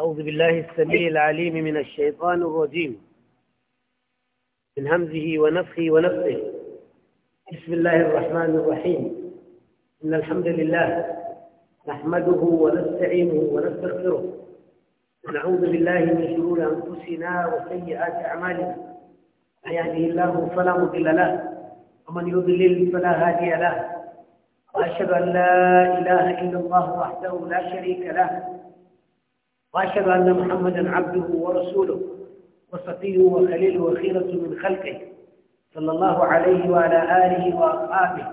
أعوذ بالله السميع العليم من الشيطان الرجيم من همزه ونفخه ونفخه بسم الله الرحمن الرحيم إن الحمد لله نحمده ونستعينه ونستغفره ونعوذ بالله من شرور أنفسنا وسيئات أعمالنا من يهده الله فلا مضل له ومن يضلل فلا هادي له وأشهد أن لا إله إلا الله وحده لا شريك له وأشهد أن محمدا عبده ورسوله وصفيه وخليله وخيرة من خلقه صلى الله عليه وعلى آله وأصحابه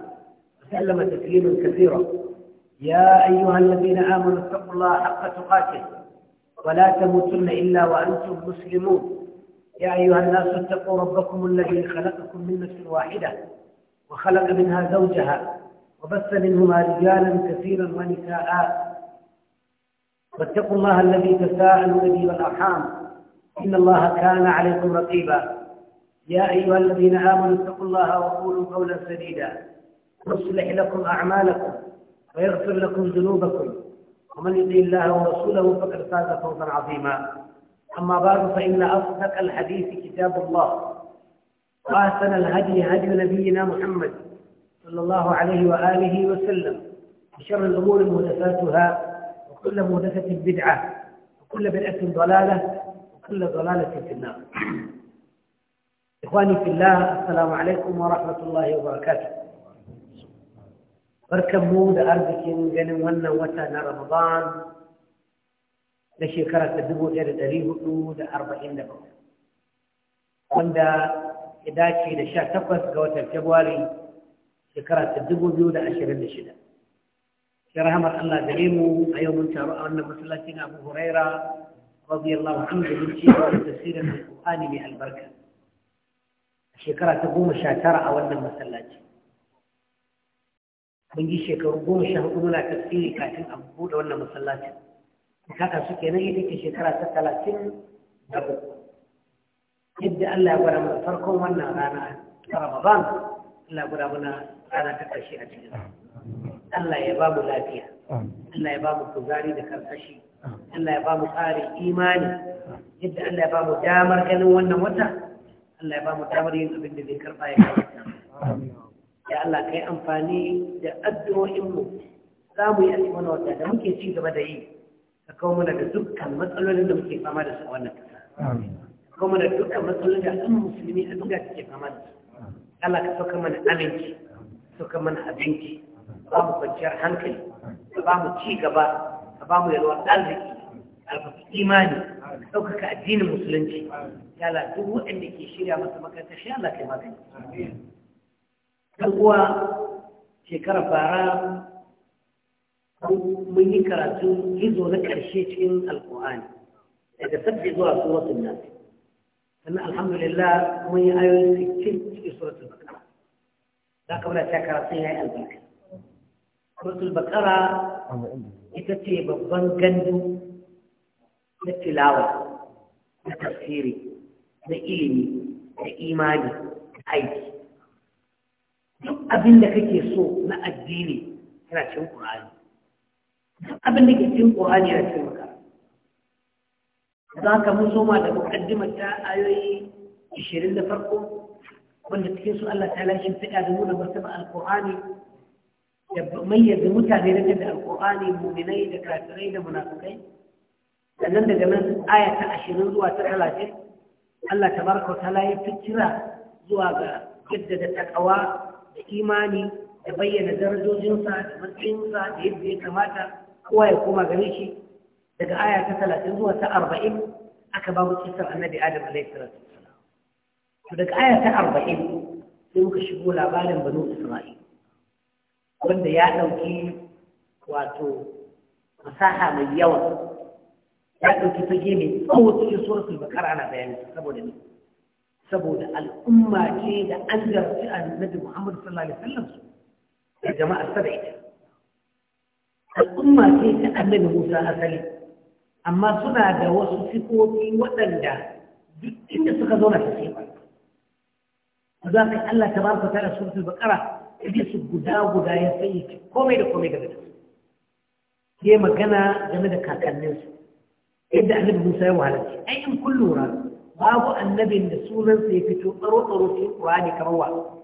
وسلم تسليما كثيرا يا أيها الذين آمنوا اتقوا الله حق تقاته ولا تموتن إلا وأنتم مسلمون يا أيها الناس اتقوا ربكم الذي خلقكم من نفس واحدة وخلق منها زوجها وبث منهما رجالا كثيرا ونساء واتقوا الله الذي تساءل به والأرحام إن الله كان عليكم رقيبا يا أيها الذين آمنوا اتقوا الله وقولوا قولا سديدا يصلح لكم أعمالكم ويغفر لكم ذنوبكم ومن يطع الله ورسوله فقد فاز فوزا عظيما أما بعد فإن أصدق الحديث كتاب الله وأحسن الهدي هدي نبينا محمد صلى الله عليه وآله وسلم وشر الأمور محدثاتها وكل مهدثة بدعة وكل بدعة ضلالة وكل ضلالة في النار إخواني في الله السلام عليكم ورحمة الله وبركاته بركم مود أرضك جن ون وتن رمضان لشكرة الدبو إلى دليل مود أربعين لكم وندا إذا كي نشاء تقص قوة الكبوالي شكرة الدبو بيود أشهر النشدة sai rahamar Allah gare mu a yau mun taru a wannan masallacin Abu Huraira radiyallahu anhu da cewa da tafsirin Al-Qur'ani mai albarka shekara ta goma sha tara a wannan masallaci mun yi shekaru goma sha hudu muna tafsiri kafin a buɗe wannan masallacin haka su kenan ita ke shekara ta talatin da uku yadda Allah ya gwada mana farkon wannan rana ta Ramadan Allah ya gwada mana rana ta ƙarshe a cikin Allah ya babu lafiya Allah ya babu kuzari da karkashi. Allah ya babu tsarin imani yadda Allah ya babu damar ganin wannan wata Allah ya babu damar yin abin da zai karfa ya karɓa ya Allah kai amfani da addu'o'inmu za mu yi a wata da muke ci gaba da yi ka kawo mana da dukkan matsalolin da muke fama da su a wannan ƙasa kawo mana dukkan matsalolin da al'ummar musulmi a duniya take fama da su Allah ka saukar mana aminci saukar mana abinci ba mu kwanciyar hankali ka ba mu ci gaba ka ba mu yalwar arziki alfafi imani ɗaukaka addinin musulunci ya la duk waɗanda ke shirya masa makaranta shi Allah kai magani ɗan shekarar bara mun yi karatu hizo na ƙarshe cikin alƙur'ani daga sabbi zuwa suratul nas sannan alhamdulillah mun yi ayoyin cikin cikin suratul baqara za ka wadata karatun ya yi albarka suratul baqara ita ce babban gandu na tilawa na tafsiri na ilimi da imani da aiki duk abin da kake so na addini yana cin qur'ani. duk abin da ke cin qur'ani yana cin maka za ka mun soma da muƙaddimar ta ayoyi ishirin da farko wanda cikin su Allah ta lashin fiɗa da nuna martaba alƙur'ani ya mayyaza mutane da al alƙur'ani muminai da kafirai da munafukai sannan daga nan aya ta ashirin zuwa ta talatin Allah tabaraka ta'ala ya fi kira zuwa ga jaddada takawa da imani da bayyana darajojinsa da matsayinsa da yadda ya kamata kowa ya koma gare shi daga aya ta talatin zuwa ta arba'in aka babu kisar annabi adam alaihi salatu daga aya ta arba'in sai muka shigo labarin banu isra'il wanda ya ɗauki wato masaha mai yawa ya ɗauki fage mai tsawo cikin suratul bakar ana bayani saboda ne saboda al'umma ce da an garci annabi Muhammad sallallahu alaihi wasallam da jama'ar sa da ita al'umma ce ta annabi Musa asali amma suna da wasu sifofi waɗanda duk inda suka zauna ta sai ba za ka Allah ta tabaraka ta'ala suratul baqara ya su guda guda ya sayyace komai da komai game da su ya magana game da kakanninsu yadda annabi musa ya wahalarci ai in kun lura babu annabin da sunansa ya fito tsaro-tsaro cikin ƙurani kamar wa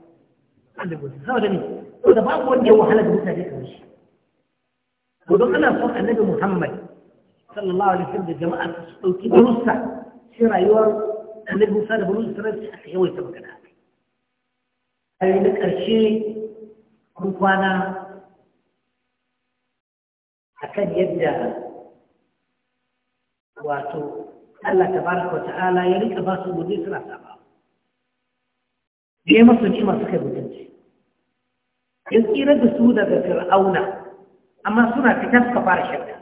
annabi musa saboda ne saboda babu wanda ya wahala da mutane kamar shi to don ana son annabi muhammad sallallahu alaihi wasallam da jama'a su ɗauki barusa shi rayuwar annabi musa da barusa sanar sai aka yawaita magana a na ƙarshe kun kwana a kan yadda wato Allah ta baraka ta'ala ya rika ba su gobe suna saba ya masu masu suka mutunci ya tsira da su daga fir'auna amma suna fitar suka fara shakka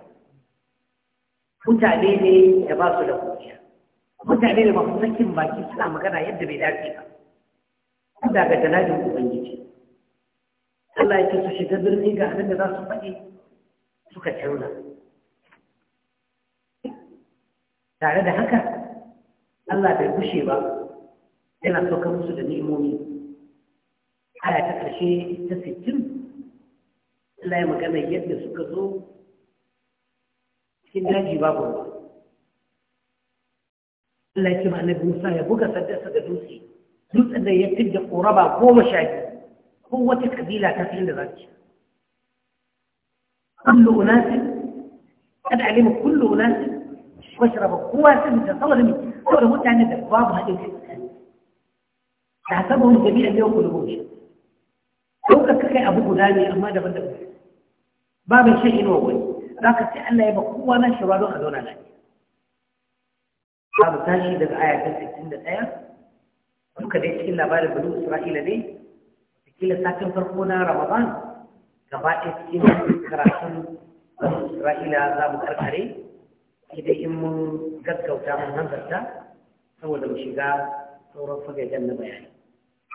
mutane ne da ba su da kuciya mutane da su sakin baki suna magana yadda bai dace ba daga janajin ubangiji Allah ya ce su shiga birni ga abin da za su faɗi suka canza tare da haka Allah bai gushe ba yana sauka musu da ni'imomi aya ta ƙarshe ta sittin Allah ya magana yadda suka zo cikin daji babu ruwa Allah ya ce ma annabi Musa ya buga saddarsa da dutse dutsen da ya fidda ƙoraba goma sha biyu kowace kabila ta fi inda za ta kullu unasi kada alima kullu unasi washraba kowa sun ta saboda me saboda mutane da babu haɗin kai da saba wani jami'a ne ku rubo shi ɗaukar ka kai abu guda ne amma daban-daban Babu shan inuwa wani za ka sai Allah ya ba kowa na shi don a zauna lafiya babu tashi daga aya ta 61 duka dai cikin labarin bulu isra'ila ne kila satin farko na ramadan gaba ɗaya cikin karatun isra'ila za mu karkare idan in mun gaggauta mun hanzarta saboda mu shiga sauran fagajen na bayani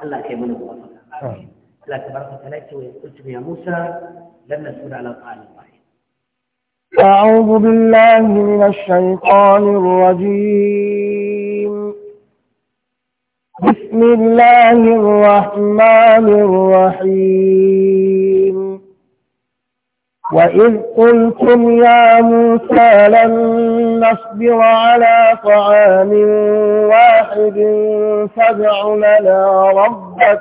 Allah kai mana muwafaka Allah ta barka ta lafiya wa kuntum ya Musa lan nasura ala qalbi أعوذ بالله من الشيطان الرجيم بسم الله الرحمن الرحيم وإذ قلتم يا موسى لن نصبر على طعام واحد فادع لنا ربك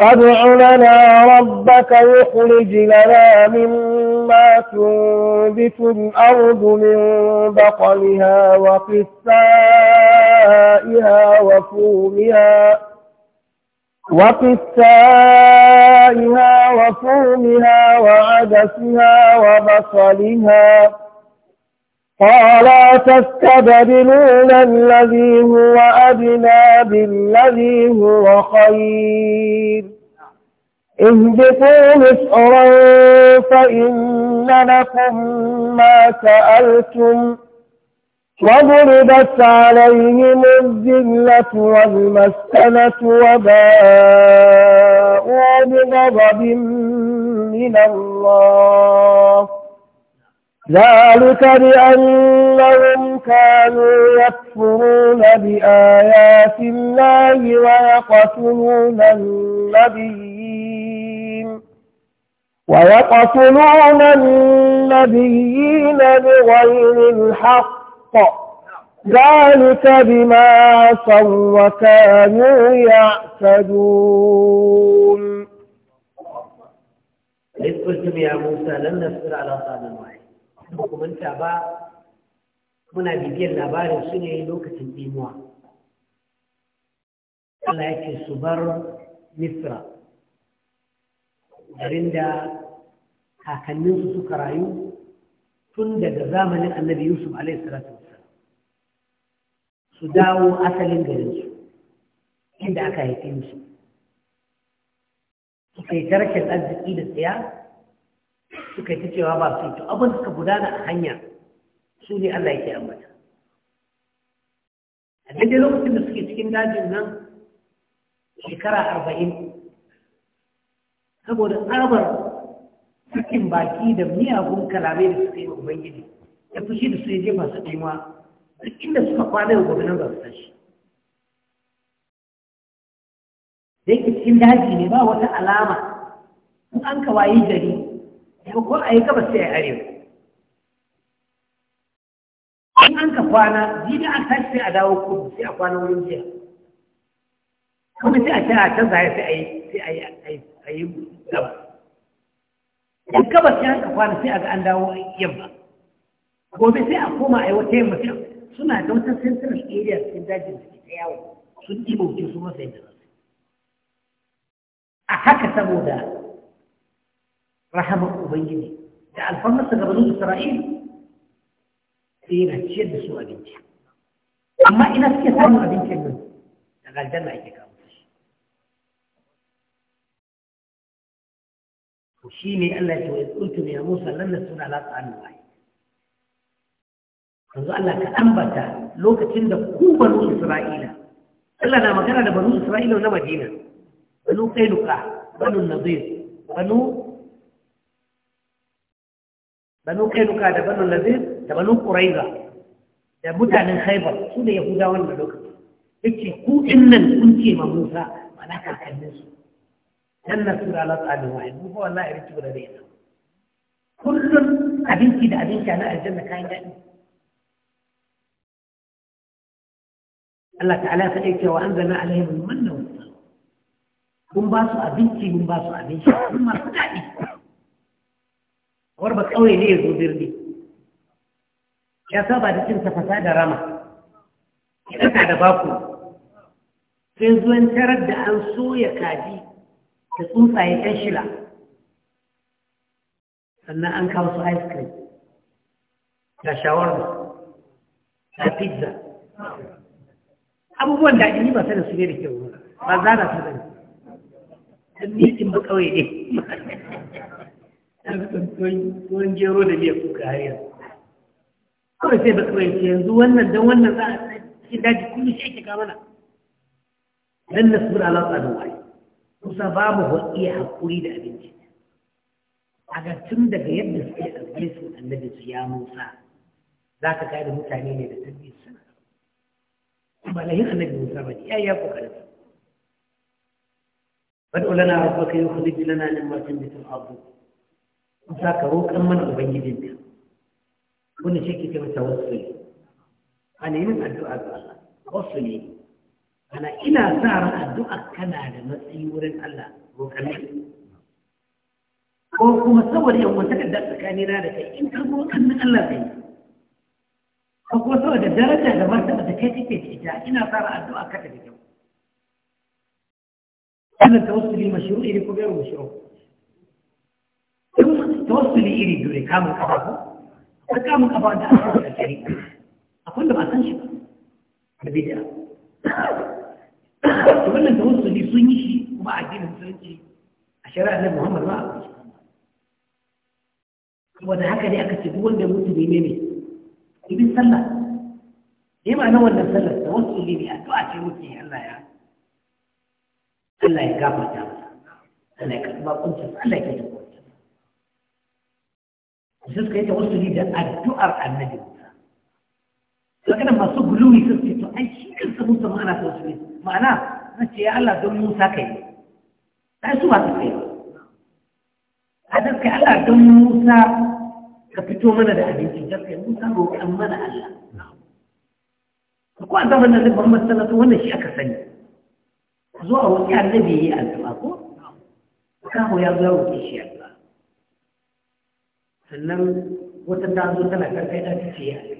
فادع لنا ربك يخرج لنا مما ما تنبت الأرض من بقلها وقثائها وفومها وقثائها وفومها وعدسها وبصلها قال تستبدلون الذي هو أدنى بالذي هو خير اهبطوا مصرا فإن لكم ما سألتم وضربت عليهم الذلة والمسكنة وباءوا بغضب من الله ذلك بأنهم كانوا يكفرون بآيات الله ويقتلون النبيين ويقتلون النبيين بغير الحق ذلك بما عصوا وكانوا يعتدون إذ قلتم يا موسى لن نصبر على طعام واحد حكم أنت أبا من أبي labarin su لوكة الإيمان ɗimuwa Allah ya ce garin da kakanninsu suka rayu tun daga zamanin annabi yusuf alaihissalatu su dawo asalin garinsu inda aka haife musu suka yi tarkin arziki da tsaya suka yi ta cewa ba su to abin suka gudana a hanya su ne allah yake ambata a daidai lokacin da suke cikin dajin nan shekara arba'in saboda tsabar cikin baki da miyagun kalamai da suka yi wa ubangiji ya fushi da su yaje masu ɗima duk inda suka kwana yau gobe nan ba su tashi da yake cikin daji ne ba wata alama in an waye gari ya ko a yi gabas sai a arewa in an ka kwana jini an tashi sai a dawo kudu sai a kwana wurin jiya kuma sai a ce a canza ya sai a yi matsayin gabas in gabas ya haka kwana sai a ga an dawo yamma gobe sai a koma a yi wata yamma suna da wata central area cikin dajin da ke ta yawo sun ɗiba wuce su masa yadda za su a haka saboda rahama ubangiji da alfarmarsa ga bazu isra'il sai yana ciyar da su abinci amma ina suke samun abincin nan daga aljanna ake shi ne Allah ya ce kuntum ya Musa lan nasuna ala ta'ala yanzu Allah ka ambata lokacin da ku banu Isra'ila Allah na magana da banu Isra'ila na Madina banu Qainuqa banu Nadir banu banu Qainuqa da banu Nadir da banu Quraiza da mutanen Khaibar su da Yahudawan da lokacin yake ku din nan kun ce ma Musa malaka kakanninsu جنة سورة على طالب واحد هو الله يريد تقول رئيسا كل أبين كده أبين كان الجنة كاين جنة الله تعالى فأيك وأنزلنا عليهم المن والسلام بمباسو أبنتي بمباسو أبنتي ثم أرتائي وربك أوي ليه زودير دي يا صابة دي تنسى فساد رمى إذا كان باكو تنزو انترد عن سوء كاجيك da tsuntsaye ɗan shila sannan an kawo su ice cream da shawarma da pizza abubuwan da yi ba sanin su ne da kyau ba za na su ɗan nikin ba kawai ne tsuntsun gero da biya kuka har yanzu kawai sai ba kawai yanzu wannan don wannan za a cikin daji kullum shi ake kamana Dan na sura alaƙa da wani kusa babu a haƙuri da abinci a ga tun daga yadda suke ɗauke su annabi su ya musa za ka kai da mutane ne da tabbiyar su ba lahin annabi musa ba ya ya kokarin fad'u lana rabbaka yukhrij lana mimma tunbitu al abu musa ka roƙan mana ubangijinka wani shi ke mata wasu ne a neman addu'a ga Allah wasu ne ana ina sa ran addu'a kana da matsayi wurin Allah ko kamar ko kuma saboda yan wata da tsakani na da kai in ka roƙan nan Allah kai ko kuma saboda daraja da martaba da kai kike ita ina sa ran addu'a ka da kyau wannan tawassuli mashru'i ne ko gairu mashru'i tawassuli iri dole kamun kafa ko kamun kafa da Allah da kai akwai da ba san shi ba da bid'a Wannan da wasu ne sun yi shi kuma a addinin musulunci a shari'a na muhammadu ba a kai saboda haka ne aka ce duk wanda mutu ne ne Ibi sallah ne ma na wannan da wasu ne a ce muke Allah ya Allah ya gafarta masa Allah ya karɓa kuncin Allah ya kyauta kuncin sai suka yi ne da addu'ar annabi Musa. Sakanan masu gulumi sun ai shi kansa Musa ma ana son su ne ma'ana na ce ya Allah don Musa kai ai su ba su kai a da kai Allah don Musa ka fito mana da abinci da kai Musa roƙan mana Allah ko a zama na zai ban sanatu wannan shi aka sani zuwa wani annabi ya yi addu'a ko kawo ya zuwa ya shi Allah sannan wata ta zo tana karkai ta ce ya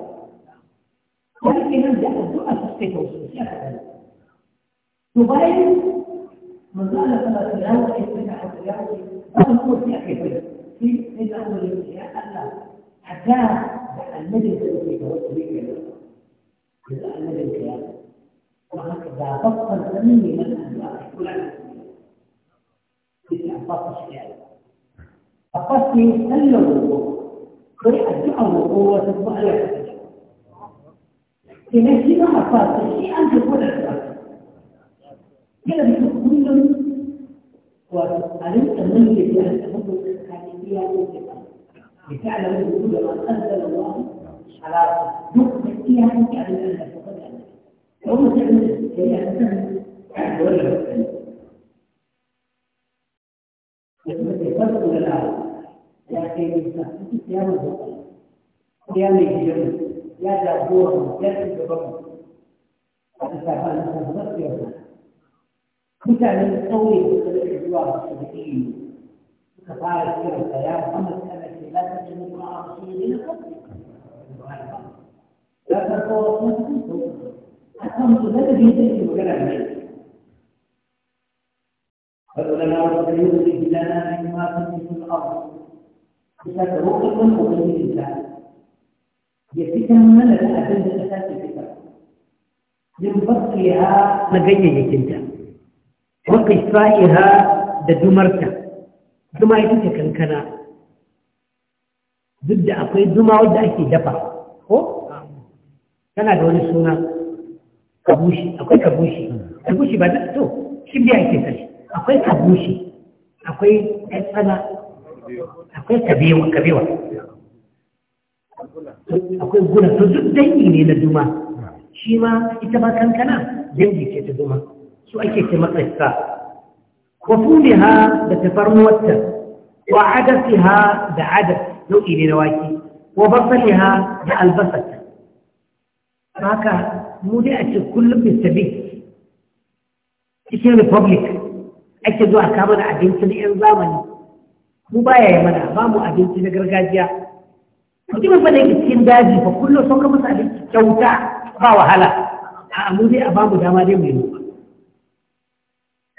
ممكن نبدأ الدعاء تسكته دبي من قال فلا تلاوة إننا حتلاوة فهم هو تأكد في إن أول الإنسان ألا حتى المدن التي توصلك إلى المدن القيامة وهكذا بطل ثمين من الأدواء كل عام تسع بطل شعر فقط يسلم ويأدعو وقوة الله إذا إيه كده حصلت الشيء أن تكون اعتراف كده بيكون كل وعلمت من يجب أن تكون الحديثية لتعلم وجود من أنزل الله على نقطة فيها تعلم أن تكون هم تعمل الشريعة يعني مثلا ولا يتمثل الآن لكن في صيام الوقت صيام الجنة يا جابور يا جابور أتفاهم أتفاهم مثال قوي بالإجواء الشرعي كفارة كرة يا محمد كما لا تجد مع رسول لا تتصور نفسك أقمت لك بيدك وكلامك فلولا ربنا يغني بلنا مما كنت في الأرض فتروقكم وبين الله ya fitar mana da abin da ta sake fitar min bakiha na ganyayyakinta wa qisaiha da dumarta zuma ita ce kankana duk da akwai duma wadda ake dafa ko tana da wani suna kabushi akwai kabushi kabushi ba to shi biya ake sani akwai kabushi akwai tsana akwai kabewa akwai guna to duk dangi ne na duma shi ma ita ba kankana dangi ce ta duma su ake ce matsayista wa ha da tafarnuwarta wa ha da adaf nau'i ne na wake wa ha da albasata haka mu dai a ce kullum mr big cikin republic ake zuwa kama da abinci na 'yan zamani mu baya yi mana ba mu abinci na gargajiya mutumin ba da cikin daji ba kullum sauka masa abinci kyauta ba wahala a mu dai a ba mu dama dai mai noma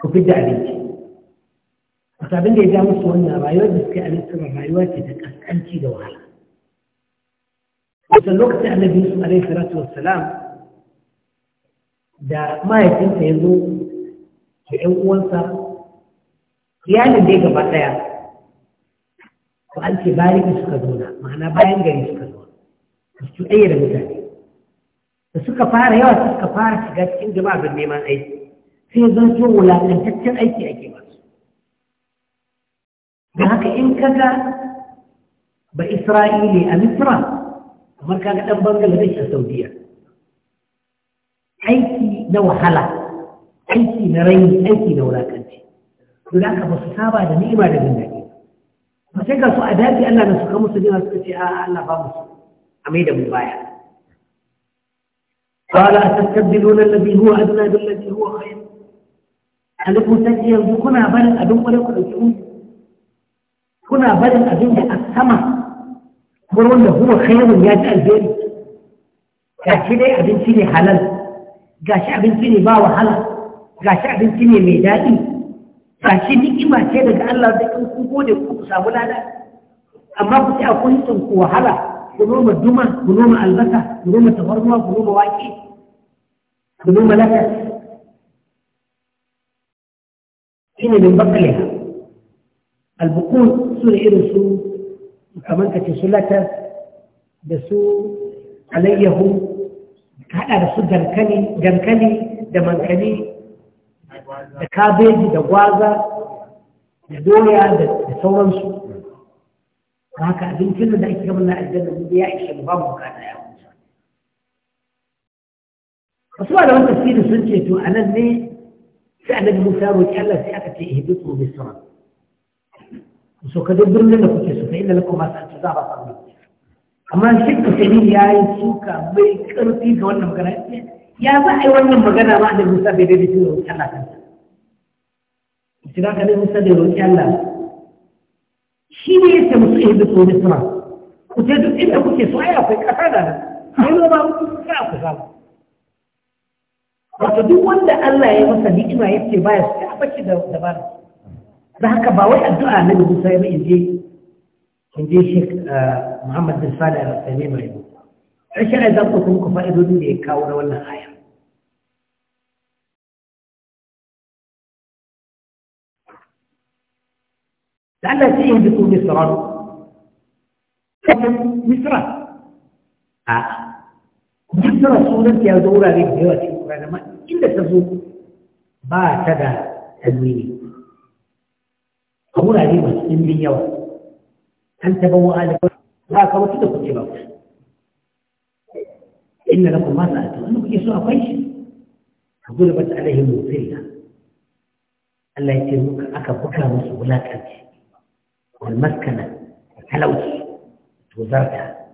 ku fidda abinci wasu abin da ya ja musu wannan rayuwar da suke alistar rayuwa ce ta kaskanci da wahala wasan lokacin annabi yusuf alaihi salatu wassalam da mahaifinsa ya zo da yan uwansa iyalin dai gaba ɗaya ko an ce bayan suka zauna ma'ana bayan gari suka zauna ba su cuɗayya da mutane da suka fara yawa suka fara shiga cikin jama'a don neman aiki sai zan so wulaƙantaccen aiki ake ba su haka in kaga ba isra'ili a misra kamar kaga ɗan bangaladesh a saudiya aiki na wahala aiki na raini aiki na wulaƙanci to da haka ba su saba da ni'ima da jin ba sai ga su a daji Allah na suka musu jina suka ce a Allah ba musu a mai da mu baya wa أتستبدلون الذي هو أدنى بالذي هو خير أنكم تجيئون كنا بلد أدن ولو كنتم كنا بلد أدن السماء wurin da kuma khairun ya ci alheri ga shi dai abinci ne halal ga shi abinci ne ba wahala ga shi abinci ne mai daɗi kashi ni'ima ce daga Allah da kan ku gode ku samu lada amma ku ci akwai tun ku wahala ku noma duma ku noma albasa ku noma tafarnuwa ku noma wake ku noma latas shine min bakale albukun su ne irin su kamar ka ce su da su alayyahu haɗa da su dankali da mankani da kabeji da gwaza da doya da sauransu ba haka abincin da ake gama na aljanna mu ya ishe mu ba mu bukata ya kusa wasu ba da wata tafsirin sun ce to anan ne sai annabi Musa ya roki Allah sai aka ce ihbitu misra so ka dai birnin da kuke so fa inna lakum ma sa'atu za ba sabu amma shi ka sani ya yi suka mai karfi ga wannan magana ya za a yi wannan magana ma annabi Musa bai daidai da Allah kansa إذا كان المستدير كلا شيء يس مصيبة طول السنة وتجد إذا كنت سعيا في كهذا هل ما هو كافر قال وتدو وند الله يا مصدق ما يس باي سكاب كده دبر ده كباوي الدعاء من بسيب إنجي إنجي شيخ آه، محمد بن صالح الرسالين ما يقول عشان إذا قلت لكم فائدون لي كاونا ولا خير آية. لأن الذين يهبطوا مصرا مصرا آه جبت رسولا في دورة للجوات القرآن ما إلا تزور ما تدى تنويني أقول لي مسلم من يوم أنت بوا آلك لا كده كنت بوت إن لكم ما سألتم أنه يسوع قيش فضربت عليهم الظلة ألا يترمك أكبرك مسؤولات أنت والمسكنة والحلوس وزارتها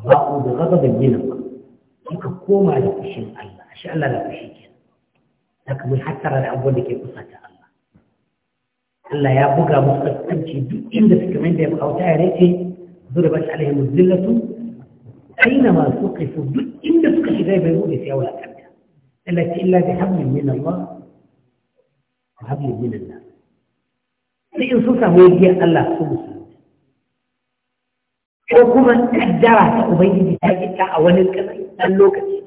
الله بغضب الجنب يكا كوما لكشين الله أشياء الله لا تشيكين لكن من حتى رأي أقول لك قصة الله الله يا بقى مستقبل شيء دين دفع كمين دي بقى وتعريتي ضربت عليهم الزلة أينما سقفوا دين دفع كشي دي بيقول لك يا ولا أبدا التي إلا بحبل من الله وحبل من الناس sai in sun samu yadiyar Allah su ko kuma kaddara ta ubangiji ta gita a wani ɗan lokaci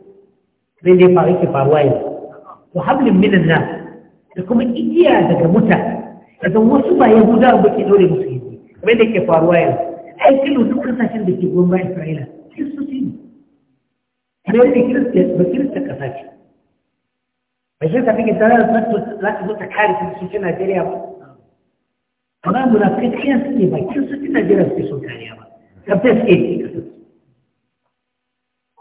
zai dai faru ke faruwa yanzu to hablin minan nan da kuma igiya daga mutane daga wasu ba yahudawa ba ke ɗaure musu yanzu kamar yadda ke faruwa yanzu ai kilo duk kasashen da ke gomba isra'ila kiristoci ne kamar yadda ba kirista kasa ce bai shi ta fi gidana za ta zo ta kare kiristocin najeriya ba amma munafikiyan suke bakin su tun Najeriya suke son kariya ba kafin suke ci kasu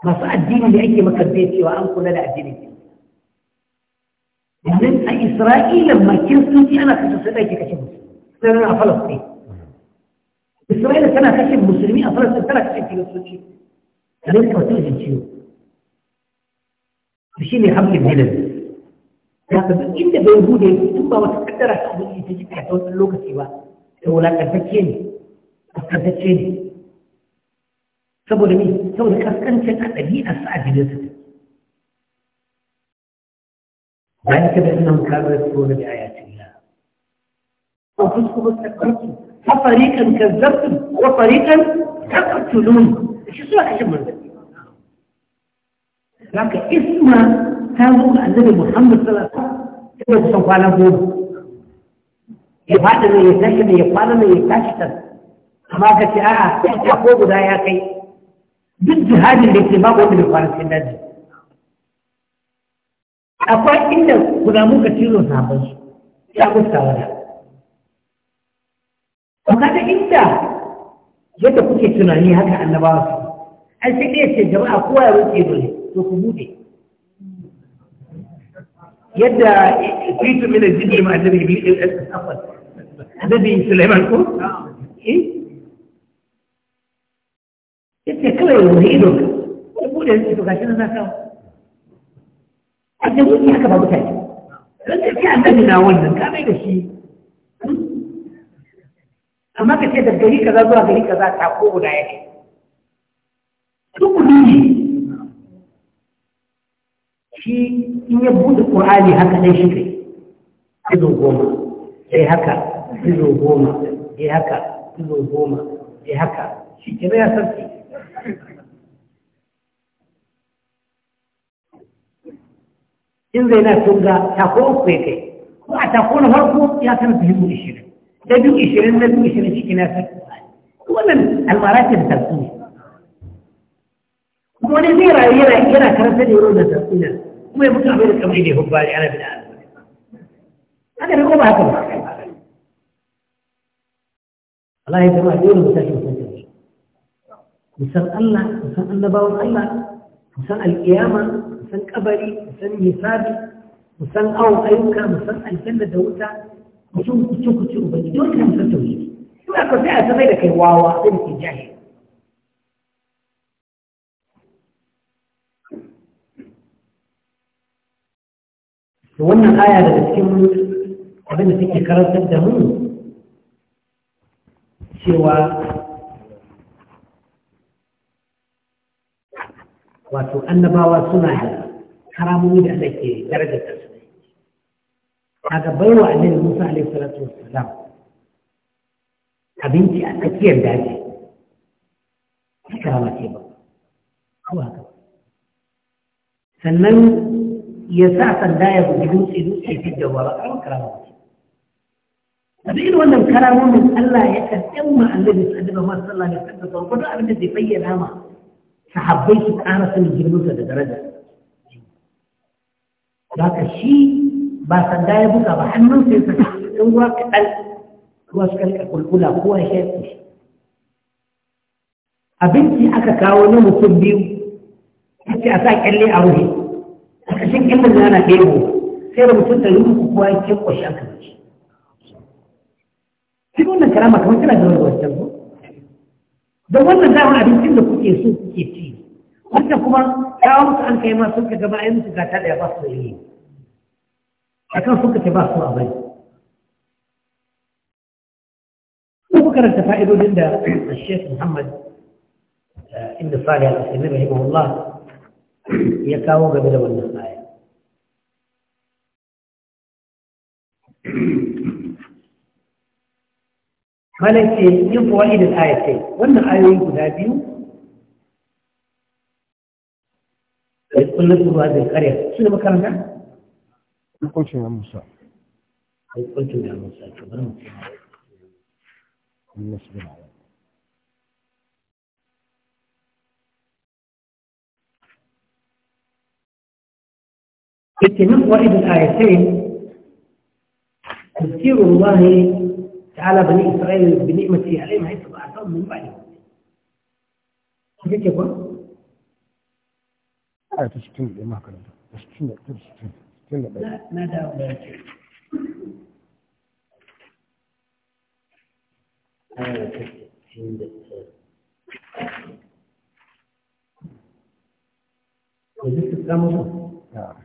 masu addini da ake makarfe cewa an kula da addini yanzu a Isra'ila makin sun ci ana kashe su ɗaki kashe musulmi sai a Falasɗin Isra'ila tana kashe musulmi a Falasɗin tana kashe kiristoci a ne kawai tun ciwo shi ne hamlin hilal haka duk inda bai hude tun ba wata kaddara ta abin ta jika ta wani lokaci ba ta wulakantacce ne kaskantacce ne saboda ne saboda kaskancin a ɗabi'ar sa a gidansa ta bayan ka da annan karar tsoro da ayatin Allah ko kuma takartu fa fariqan kazzabtum wa fariqan taqtulun shi suka kashe manzo haka isma ta zo ga annabi Muhammad sallallahu alaihi wasallam kusan kwana goma ya faɗi ne ya tashi ne ya kwana ne ya tashi ta amma ka ce a'a ya ko guda ya kai duk jihadin da ke babu wanda bai kwana cikin daji akwai inda guda muka ciro sabon su ya gusta wada kuma ta inda yadda kuke tunani haka annabawa su an sai ɗaya ce jama'a kowa ya wuce dole to ku buɗe yadda fitu min al-jinni ma annabi iblis afwan annabi Sulaiman ko eh yace kawai wani ido ya bude shi to gashi nan zaka aje wani haka ba mutane dan da ke annabi na wannan ka mai da shi amma ka ce da gari kaza zuwa gari kaza ta ko guda ne duk ne shi in ya buɗe ƙur'ani haka ɗan shi kai izo goma sai haka izo goma sai haka izo goma sai haka shi ke ya sarki in zai na tunga tako uku ya kai ko a tako na farko ya karanta hizu ishirin da biyu ishirin na biyu ishirin shi na sarki wannan almarashin tarsu ne kuma wani zai rayu yana karanta da yaro da sarki ne ويا مكافر الكمليني هبالي أنا بلا أدوى هذا هو ما أكبر الله يتبع يقول مساكين مساكين مسأل الله مسأل النباو الله مسأل القيامة مسأل كبري مسأل نسابي مسأل أو أيوكا مسأل الجنة دوتا مسأل كتو كتو بني دور كنا مسأل توجيه ويقول فيها سبيلك الواوا سبيلك الجاهل wannan aya daga cikin abin da take karantar da mu cewa wato annabawa suna da karamomi da ana ke darajar da su baiwa annabi Musa alaihi salatu salam abinci a tsakiyar daji karama ce ba sannan ya sa sanda ya bugi dutse dutse fi da wa ba karamar karama ba tabi irin wannan karamomin Allah ya kaddan ma annabi sallallahu alaihi wasallam ya kaddan sa ko da abin da zai bayyana ma sahabbai su ƙara sanin girman sa da daraja haka shi ba sanda ya buga ba hannun sai sa dan ruwa kadan ruwa su kalka kulkula ko ya shi abinci aka kawo na mutum biyu ake a sa kyalle a ruhe a ƙashin ƙasar da ana ɗebo sai da mutum ɗari uku kuwa ya ke ƙwashi aka mace cikin wannan karama kamar tana da wani wancan ko da wannan dama abincin da kuke so kuke ci wancan kuma ya musu an kai ma sun ka gaba ayi musu gata da ya ba su da yi a kan ka ce ba su a bai ko karanta fa'idodin da Sheikh Muhammad eh, inda sali Al-Usaimi rahimahullah ya kawo game da wannan aya malai ce yin fawaidin ayatai wannan ayoyi guda biyu da kullum turuwa zai karya su ne makaranta? ya Musa. mu ce. اتناق واحد الآيتين تذكير الله تعالى بني إسرائيل بنعمة عليهم حيث بعثهم من بعد كيف يكون؟ آية 60 إيه ما كان 60 60 لا ما دعوا آية 60 وجدت السلام آه.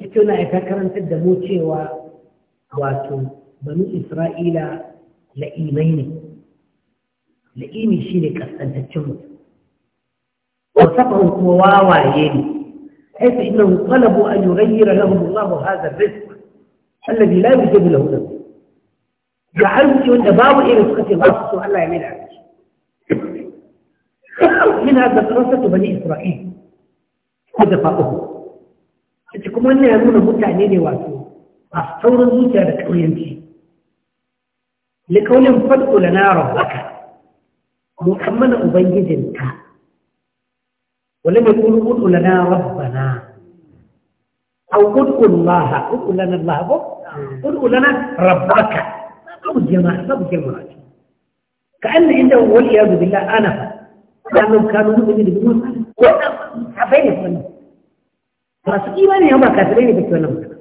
ita na ya karantar da mu cewa wato banu isra'ila la'imai ne la'imi shi ne kaskantaccen mutum wasafan kuma wawaye ne haifu ina kwalabu an yi rayyira lahun allahu hazar risk allazi la yujibu lahu nafsu da arziki wanda babu irin suka ce ba su so Allah ya mai da arziki min hadda sarasatu bani isra'il ko da fa'uhu ita kuma wannan ya nuna mutane ne wato a saurin zuciya da ƙauyanci likaulin fadko da na rabbaka mu kammala ubangijinka wani mai kuru kudu da na rabbana au kudu Allah kudu da na Allah ko kudu da na rabbaka sabu jama'a sabu jama'a ka an da inda wani ya zubi la'ana ba kanon kanon zubi da zuwa ko a bayyana wannan فاسقي ما لي هما كاسرين بكتبنا مكتبا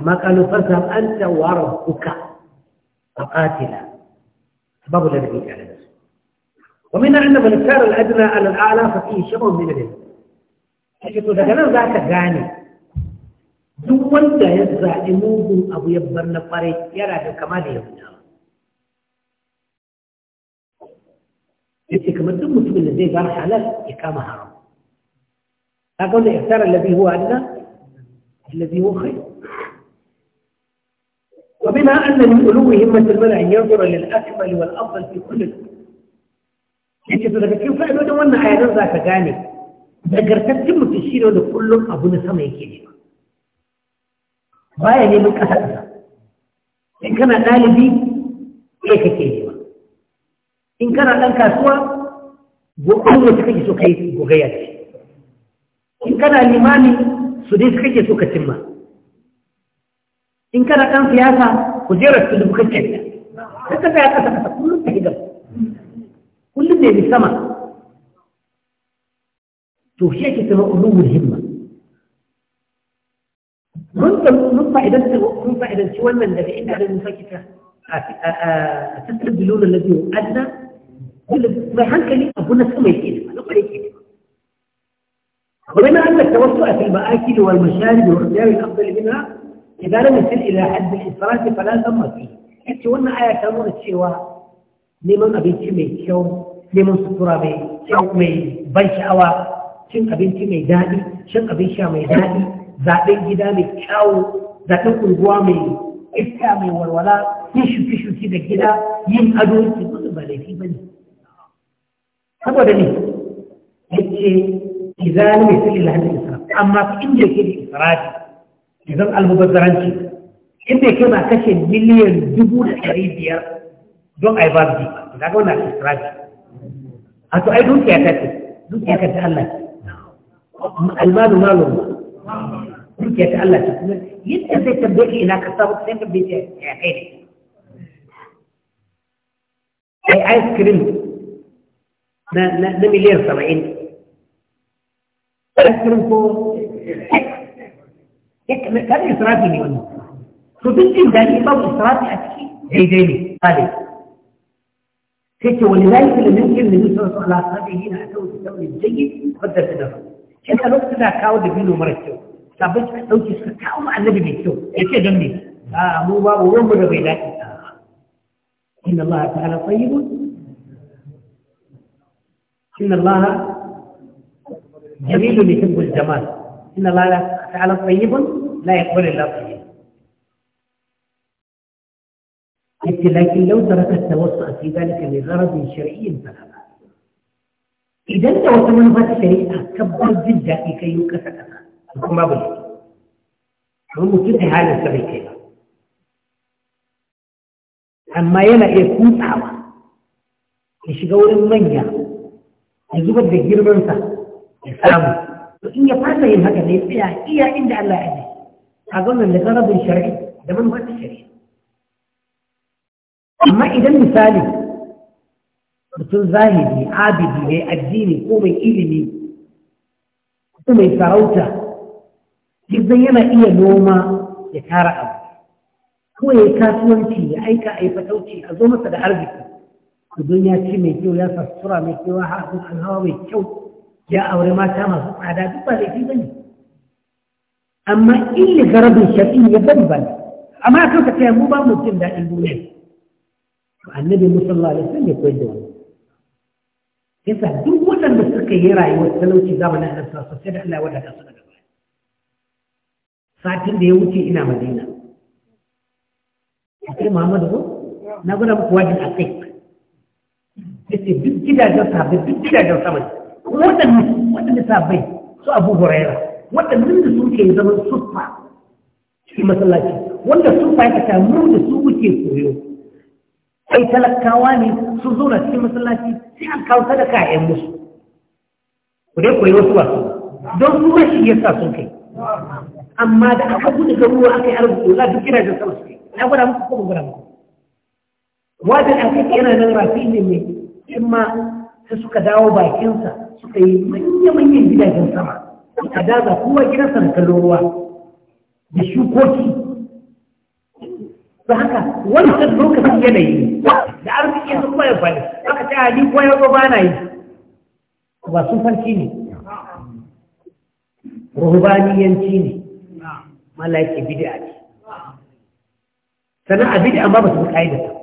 ما قالوا فاذهب أنت وربك فقاتلا سبب الذي على نفسه ومن عندما نختار الأدنى على الأعلى ففيه شبه من الإنسان حيث تتكلم ذاك غاني duk wanda ya zaɓi mugun abu ya bar na كمال yana da kama da yahuda ya ce kamar duk أقول اختار الذي هو أدنى الذي هو خير وبما أن من ألو همة المنع ينظر للأكمل والأفضل في كل الأمور yake to daga cikin fa'idodin wannan ayanan za ka gane nagartaccen mutum shi ne da kullum abu na sama yake nema baya neman ƙasa ƙasa in kana ɗalibi ɗaya kake nema in kana ɗan kasuwa gobe wacce kake so in kana limami su dai kake so ka cimma in kana ɗan siyasa ku jera su dubu kake da sai ka tsaya kasa kasa kullum ta gidan kullum ne mai sama to shi yake sama ulumul himma mun fa'idanci mun fa'idanci wannan daga inda da mun fakita a tattalin bilonin lafiya adna mai hankali abu na sama yake da na kwarai ke وبما أن التوسع في المآكل والمشارب واختيار الأفضل منها إذا لم يصل إلى حد الإسراف فلا ثم فيه أنت وانا آية كامونة شيوا neman abinci mai kyau neman sutura mai ban sha'awa cin abinci mai daɗi shan abin sha mai daɗi zaɓen gida mai kyawu zaɓen unguwa mai iska mai walwala yin shuki-shuki da gida yin ado yake wani ba ba ne saboda ne ya ce إذا لم يصل إلى هذا الإسراف أما في إنجا كده إسرافي إذا المبذرانشي إنجا كما كشي مليون دبون أريبيا دون أيباب دي لكن هناك إسرافي أتو أي دون كياتك دون كياتك الله المال مال دون كياتك الله يبقى زي تنبيكي إنك الصابق سين تنبيكي يا خيري أي آيس كريم na miliyan saba'in ko kan israfi ne wani to duk jin daɗi babu israfi a ciki daidai ne bale sai ce wani zai fi limin yin limin sau sau la sa dai yana ta wuce tauri jayi wadda ta dafa shi ta lokacin da kawo da bino mara kyau sabbin suka ɗauki suka kawo ma annabi mai kyau ya ce don me a mu babu ruwanmu da bai daɗi inna allaha ta'ala tayyibun inna allaha جميل يحب الجمال إن الله تعالى طيب لا يقبل إلا طيب لكن لو ترك التوسع في ذلك لغرض شرعي فلا بأس إذا أنت وتمنفات الشريعة كبر جدا لكي يكسر ما بلد هم كده هذا السبب amma أما يلا يكون ya يشغل المنيا manya ya zubar da samu to in ya fasa yin haka ne tsaya iya inda Allah ya ji a gwamnan da ƙarabin shari'i da manufar shari'i amma idan misali mutum zahiri abidi ne addini ko mai ilimi ko mai sarauta duk yana iya noma ya tara abu ko ya yi kasuwanci ya aika a yi fatauci a zo masa da arziki don ya ci mai kyau ya sassura mai kyau ha abin alhawa mai kyau ya aure mata masu tsada duk ba laifi ba ne amma in ligarabin shafi ya bari ba amma kan ka taya mu ba mu jin daɗin duniya to annabi musallah alaihi wasallam ya koyar da wani yasa duk waɗanda suka yi rayuwar talauci zamanin annabi sallallahu alaihi wasallam sai da Allah ya wadata su daga baya satin da ya wuce ina madina akai muhammadu ko na gwada muku wajin akai yace duk gidajen sahabbai duk gidajen sama waɗannan waɗanda bai su abu huraira waɗannan da suke zaman sufa cikin masallaci wanda sufa ya kata mu da su muke koyo ai talakawa ne su zauna cikin masallaci sai an kawo ta a yan musu ku dai koyi wasu wasu don su ma shi yasa sun kai amma da aka gudu ga ruwa aka yi arziki la duk kira da sama su kai na gwada muku ko ban gwada muku wajen aka yana nan rafi ne mai imma sai suka dawo bakinsa suka yi manya-manyan gidajen sama a daza kowa gidansa da kallon ruwa da shukoki da haka wancan lokacin yanayi da arziki sun kwaya bane aka ce a ni kwaya ko ba na yi ba sun fanci ne ruhubaniyanci ne malaki bid'a ce sannan a bid'a ba su kai da ta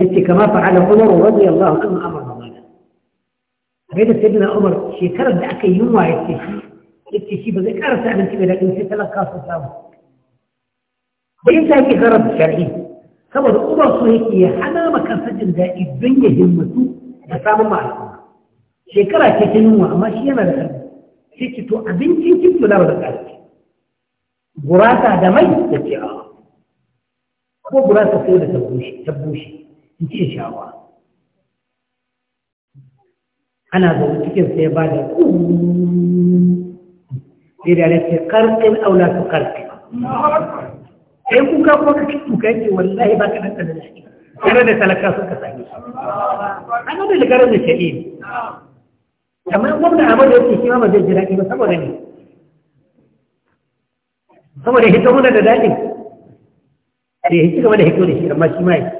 yace kama fa'ala Umar radiyallahu anhu amr Ramadan sai da sayyidina Umar shekarar da aka yi yunwa yace shi yace shi ba zai karasa abinci mai daɗin sai talaka su samu da yin tafi gharar shar'i saboda Umar su yake ya hana maka sajin daɗi don ya himmatu da samun ma'alƙa shekara ce ta yunwa amma shi yana da ƙarfi sai ki to abincin kin da ƙarfi gurasa da mai da ce ko gurasa sai da ta bushe in ce shawa ana zaune cikin sai ba da sai da rake karfin aula su karfin sai kuka kuma ka kitu ka yake wallahi ba ka nan da lafiya tare da talaka sun ka sami an da shekarar da shaɗe ne amma gwamna abu da yake shi ma ba zai ji daɗi ba saboda ne saboda hito muna da daɗin da ya ci gaba da hito da shi amma shi ma yake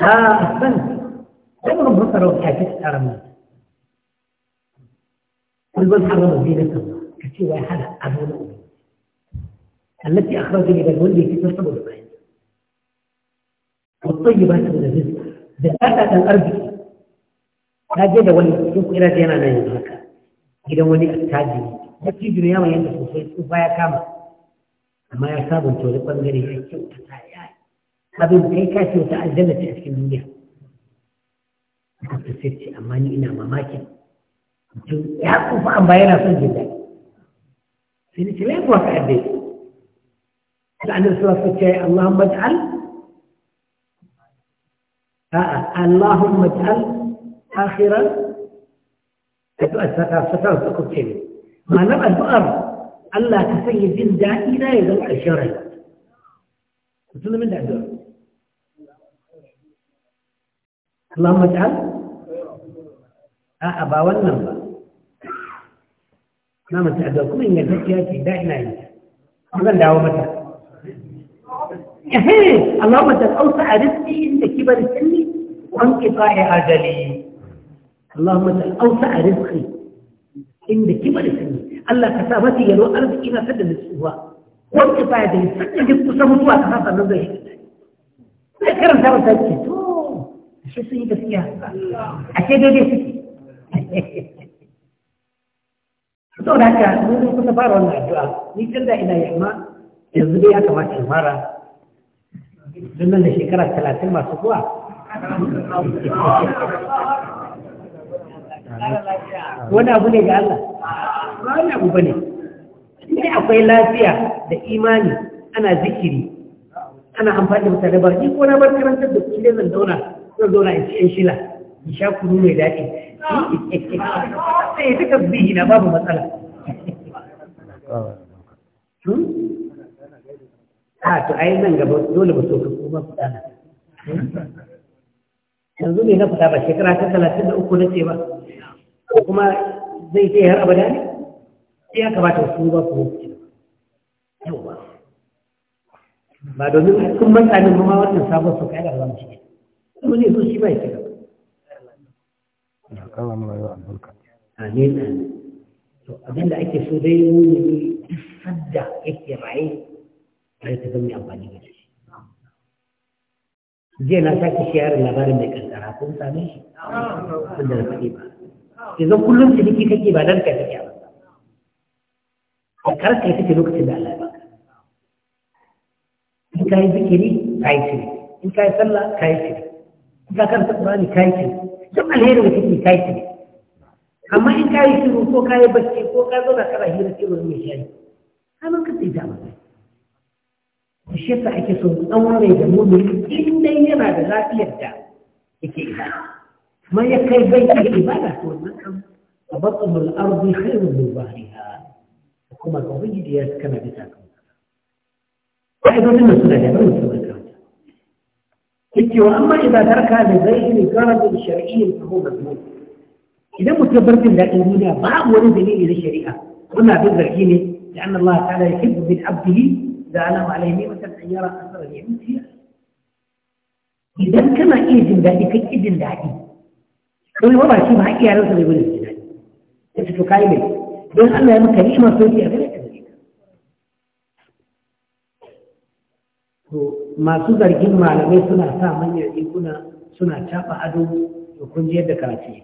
آه أحسنت عمرهم هم روا حاجات حرام قلبا حرموا دين الله ya وحالة أبونا التي أخرجني بالولد في تصب الفعل والطيبات من الرزق ذات الأرض ta je da wani cikin kuɗi da yana nan yanzu haka gidan wani attajiri dattijo ya mai yanda sosai tsufa ya kama amma ya sabunta wani ɓangare ya kyauta ta yi abin kai ka ce wata aljanna ce a cikin duniya Dr. Sir ce amma ni ina mamakin mutum ya kufa amma yana son jin daɗi sai ni ce lai kuwa ka yadda yi da annabi sallallahu alaihi wasallam ce Allahumma ij'al a'a Allahumma ij'al akhiran addu'a ta ta ta ta ku ce ne ma'anar addu'ar Allah ka sanya jin daɗi na ya zama ƙarshen rayuwa musulmin da addu'ar Allahumma a a ba wannan ba na mace addu'a kuma ingantacciya ce da ina yi zan dawo mata Allahumma ta'al ausa a rizki inda kibar sinni wan kifaye ajali Allahumma ta'al ausa a rizki inda kibar sinni Allah ka sa mata yaro arziki na sadda da tsuwa wan kifaye da sadda duk kusa mutuwa ka sa nan zai yi karanta masa ce to su sun yi gaskiya a ce daidai suke sau da haka mun zai kusa fara wannan addu'a ni can da ina yamma yanzu dai ya kamata in fara don nan da shekara talatin masu zuwa. wani abu ne ga Allah ba wani abu ba ne ne akwai lafiya da imani ana zikiri ana amfani da mutane ba ni ko na bar karantar da kire zan zauna zan zo na ci shila in sha kunu mai daɗi sai ya duka bihi na babu matsala hmm? a to yi nan gaba dole ba so ka kuma faɗa na yanzu ne na faɗa ba shekara ta talatin da uku na ce ba ko kuma zai ce har abada ne sai ya kamata su ba ku hukunci yau ba ba domin kun matsa min kuma wannan sabon su kai da ba mu shi wani zo shi ake so dai wani ne duk sadda yake raye rai ta zama amfani da shi jiya na sake shayar labarin mai kankara kun same shi abin da na faɗi ba yanzu kullum ciniki kake ba dan kai kake ba a karka ya take lokacin da in ka yi ka yi in ka yi sallah ka yi Ka ga karanta Qur'ani kai ki duk alheri da kike kai ki amma in ka yi shiru ko ka yi bacci ko ka yi zauna kana hira sai wani mai shayi kamar ka tsaye dama ta shi yasa ake so dan wani da mumin in dai yana da lafiyar da yake ita, kuma ya kai bai da ibada to wannan kan abatul ardi khairun min bahriha kuma ga ubangiji ya kana bisa kan ka'idodin da suna da yawan yake wa amma idan tarka da zaini garabin shari'in ko mazmun idan mutum bar jin daɗin duniya babu wani dalili na shari'a wannan bin zargi ne da anna Allah ta'ala ya hibbu abdihi da alama alaihi ne mutum an yara asara ne mutiya idan kana iya jin daɗi ka ƙi jin daɗi wani ba shi ba haƙi yaran sa bai gudu jin daɗi ya to kai ne don Allah ya maka ni'ima sauki a gare ka to masu zargin malamai suna sa manyan ikuna suna caɓa ado da kunjiyar yadda karatu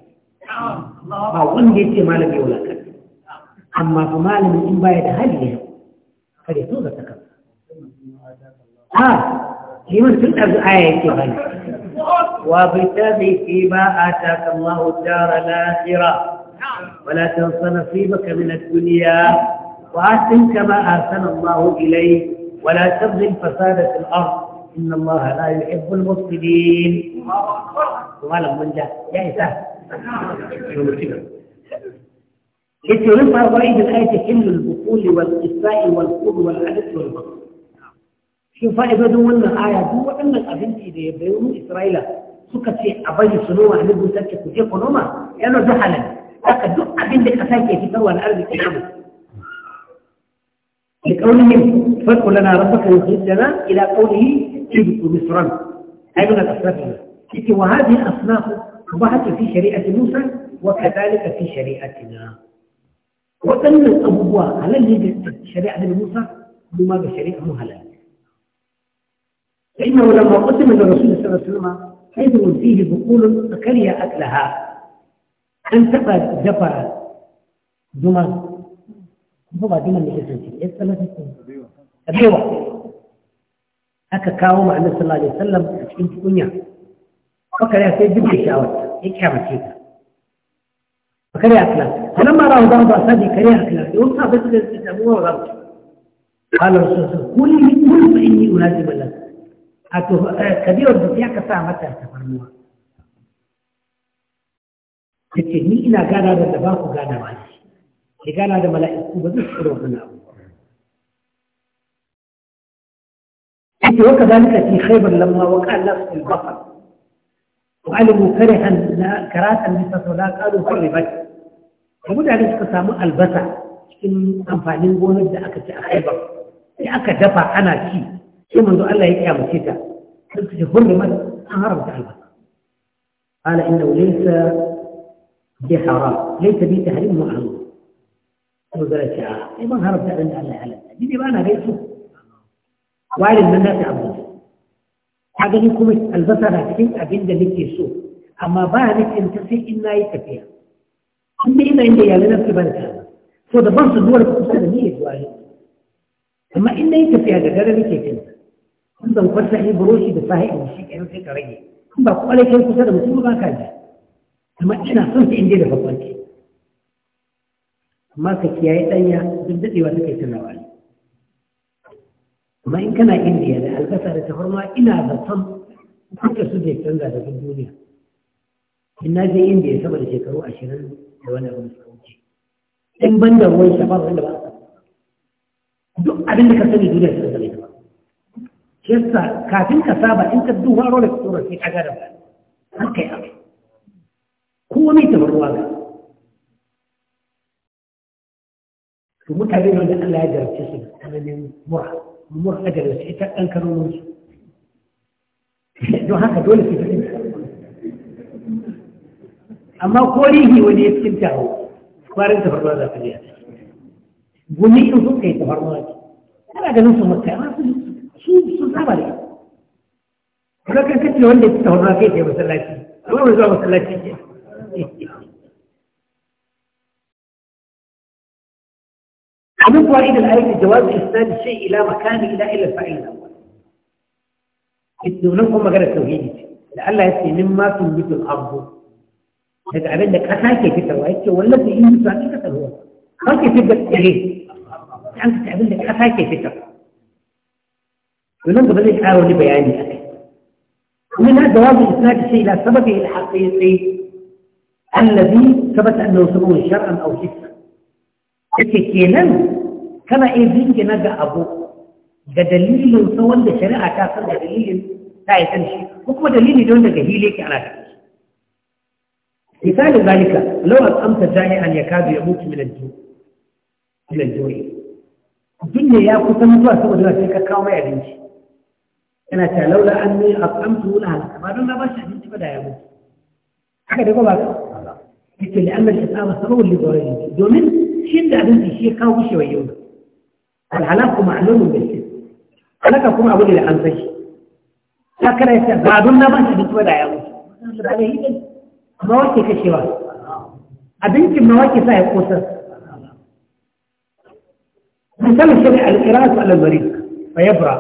ba wanda ya ce malami wulakar amma fa malamin in baya da hali ya kare so ga saka a liman tun ɗazu aya yake bani wa bi tabi fi ba ataka Allahu dara al-akhirah baka min duniya? من الدنيا kama a أحسن الله ilai. ولا تبغي الفساد في الأرض إن الله لا يحب المفسدين ولا من جاء يا إساء يترفع ضعيف الآية حل البطول والإساء والقول والعدد والبطل شو فائدة دون آية دو أن الأبنتي دي بيوم إسرائيل في أبي سنوة عن ابن سكت وتيقنوما لأنه دو حلال لكن دو أبنتي أساكي في كروة الأرض كنعمل لقولهم فرق لنا ربك يخرج لنا إلى قوله جبتوا مصرا هذه من الأصناف وهذه الأصناف أصبحت في شريعة موسى وكذلك في شريعتنا وأن الأبواء على اللي شريعة موسى وما بشريعة مهلا فإنه لما قسم الرسول صلى الله عليه وسلم حيث فيه بقول فكره أكلها أن تبى زفر زمان هو دين من الجنسين إيه ثلاثة أبيوة هكا كاو مع النبي صلى الله عليه وسلم أنت أنيا فكر يا سيد جبت الشاوات إيه كيف أتيك فكر يا أكلا فلما رأى بعض أسادي كريه أكلا يقول صعب أسل الكتابوه ورد قال الرسول صلى الله عليه وسلم قولي قول فإني أنازم الله أتوه كبير دفيا كفا متى تفرموه تتنيئنا غادر الدباق غادر عليه يقال هذا ملائكة وبذلك روحنا أبو وكذلك في خيبر لما وقع لفظ البطل وعلموا فرحا كراتا لتسولا قالوا فرحا فمدع الاسقسام البسع إن أنفعني ونبدأ أكت أخيبر لأك دفع أنا شيء منذ أن الله يكيا مسيطا قلت فرحا أهربت البسع قال إنه ليس بحرام ليس بيتحريم معروف to zai ce a ai ban haramta ɗan da Allah ya halatta ni ne ba na gaisu warin nan na ta abu ka gani kuma albasa na cikin abin da nake so amma ba nufin ta sai in na yi tafiya in da ina inda iyalai na su ban ta so da ban su duwar kusa da ni ya amma in na yi tafiya da dare nake cin in ban kwanta in buroshi da sahi in shi rage in ba kusa da mutum ba amma ina son inda amma ka kiyaye danya duk dadewa take tunawa ne amma in kana indiya da albasa da tafarma ina da zaton kuka su da canza da duniya in na je indiya sama da shekaru ashirin da wani abu da wuce in ban da ruwan shafa wanda ba a duk abin da ka sani duniya sun zama ita ba shi yasa kafin ka saba in ka duba ruwa da tsoron sai ka gada ba har kai abu Wani tabarwa ga to mutane ne wanda Allah ya jarabce su da tsananin mura mura a jarabce ita ɗan kanonin su don haka dole su tafi amma ko rihi wani ya cikin taho kwarin tafarnuwa za su biya gumi in sun kai tafarnuwa ce kana ganin su makka amma su su saba da ita kuma kan kace wanda ya ci tafarnuwa kai ta yi masallaci amma bai zuwa masallaci ke ومن فوائد الآية الجواز إسناد الشيء إلى مكانه إلى إلى الفاعل الأول ونقوم مجال التوحيد لعل يسي مما تنبت الأرض يعني آية هذا عمل لك أساكي في الرواية والذي ينبت حقيقة هو خلقي في التوحيد أنت تعمل لك أساكي في الرواية ونقوم بذلك آول لبياني أكيد ومنها جواز إسناد الشيء إلى سببه الحقيقي الذي ثبت أنه سبب شرعا أو شكلا. التكيلان kana iya jingina ga abu ga dalilin sa wanda shari'a ta san da dalilin ta yi san shi ko kuma dalili don daga hile ke ana tafi misalin zalika lawan amsa jami'an ya kazu ya mutu milan joyi duniya ya kusan zuwa saboda sai ka kawo mai abinci yana ta laula an ne a kamtu wula halitta ba don na ba shi abinci ba da ya mutu haka da ba ka yake da an da shi tsaba sabon libarai domin shi da abinci shi ya kawo gushewa yau alhalaku ma'lumun bil kis halaka kuma abu ne da an sai ta kana ya ba don na ban shi duk da ya mutu ba ne hidin amma wace kashewa abincin ma wace sa ya kosar misalin shi ne alƙiratu al-marid fa yabra